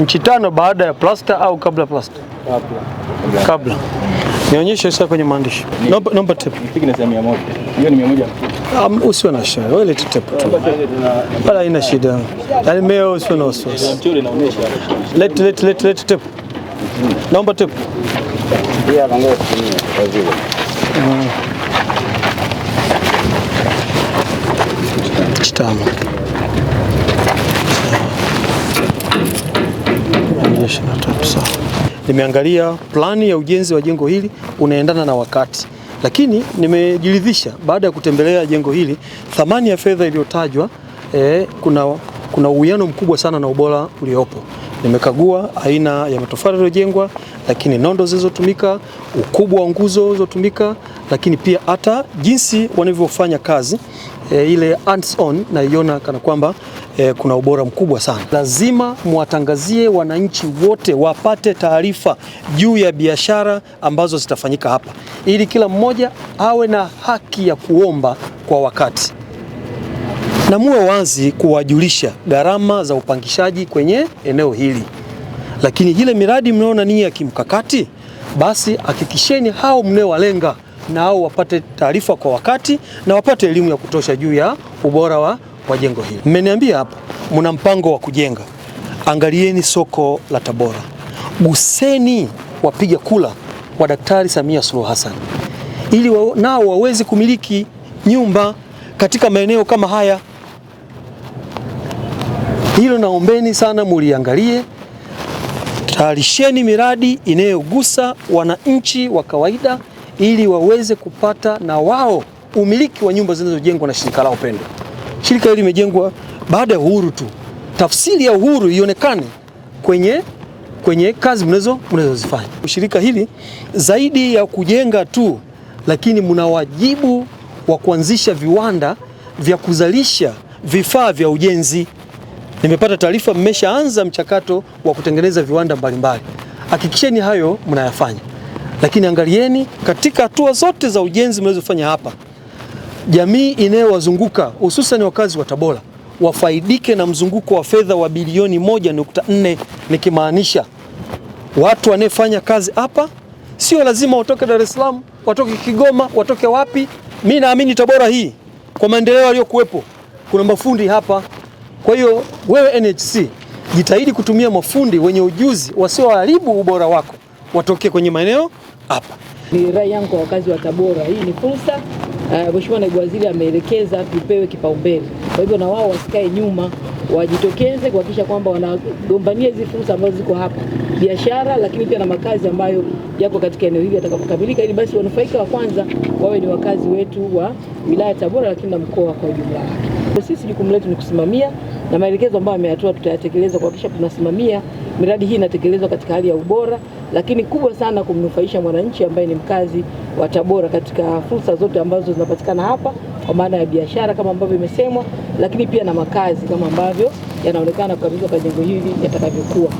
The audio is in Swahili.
Inchi tano baada ya plasta au kabla plasta? Kabla. Kabla. Nionyeshe sasa kwenye maandishi. Naomba naomba tape. Nipige na 100. Hiyo ni 100. Um, usiwe na shida. Wewe leta tape tu. Wala haina shida. Yaani mimi usiwe na wasiwasi. Mchoro inaonyesha. Let let let let tape. Naomba tape. Ndio anaweza kutumia kwa zile. Chitano. Mm. 2023 sawa. Nimeangalia plani ya ujenzi wa jengo hili unaendana na wakati, lakini nimejiridhisha baada ya kutembelea jengo hili, thamani ya fedha iliyotajwa eh, kuna kuna uwiano mkubwa sana na ubora uliopo. Nimekagua aina ya matofali yaliyojengwa, lakini nondo zilizotumika, ukubwa wa nguzo zilizotumika, lakini pia hata jinsi wanavyofanya kazi e, ile hands on naiona kana kwamba e, kuna ubora mkubwa sana. Lazima mwatangazie wananchi wote wapate taarifa juu ya biashara ambazo zitafanyika hapa, ili kila mmoja awe na haki ya kuomba kwa wakati na muwe wazi kuwajulisha gharama za upangishaji kwenye eneo hili. Lakini ile miradi mnaona ni ya kimkakati, basi hakikisheni hao mnaowalenga na hao wapate taarifa kwa wakati na wapate elimu ya kutosha juu ya ubora wa, wa jengo hili. Mmeniambia hapa mna mpango wa kujenga, angalieni soko la Tabora, guseni wapiga kula wa Daktari Samia Suluhu Hassan ili wa, nao waweze kumiliki nyumba katika maeneo kama haya. Hilo naombeni sana muliangalie. Tayarisheni miradi inayogusa wananchi wa kawaida ili waweze kupata na wao umiliki wa nyumba zinazojengwa na shirika lao pendwa. Shirika hili limejengwa baada ya uhuru tu, tafsiri ya uhuru ionekane kwenye, kwenye kazi mnazozifanya. Shirika hili zaidi ya kujenga tu, lakini mna wajibu wa kuanzisha viwanda vya kuzalisha vifaa vya ujenzi. Nimepata taarifa mmeshaanza mchakato wa kutengeneza viwanda mbalimbali. Hakikisheni hayo mnayafanya, lakini angalieni katika hatua zote za ujenzi mnazofanya hapa, jamii inayowazunguka hususan wakazi wa Tabora wafaidike na mzunguko wa fedha wa bilioni nne nikimaanisha watu wanaofanya kazi hapa sio lazima watoke Dar es Salaam, watoke Kigoma, watoke wapi. Mi naamini Tabora hii kwa maendeleo yaliyokuwepo, kuna mafundi hapa, kwa hiyo wewe NHC jitahidi kutumia mafundi wenye ujuzi wasioharibu ubora wako watokee kwenye maeneo hapa. Ni rai yangu kwa wakazi wa Tabora, hii ni fursa. Uh, Mheshimiwa Naibu Waziri ameelekeza tupewe kipaumbele, kwa hivyo na wao wasikae nyuma, wajitokeze kuhakikisha kwamba wanagombania hizi fursa ambazo ziko hapa, biashara, lakini pia na makazi ambayo yako katika eneo hili yatakapokamilika, ili basi wanufaika wa kwanza wawe ni wakazi wetu wa wilaya Tabora, lakini na mkoa kwa ujumla wake. Sisi jukumu letu ni kusimamia na maelekezo ambayo ameyatoa tutayatekeleza kuhakikisha tunasimamia miradi hii inatekelezwa katika hali ya ubora, lakini kubwa sana kumnufaisha mwananchi ambaye ni mkazi wa Tabora katika fursa zote ambazo zinapatikana hapa kwa maana ya biashara kama ambavyo imesemwa, lakini pia na makazi kama ambavyo yanaonekana kukamilika kwa jengo hili yatakavyokuwa.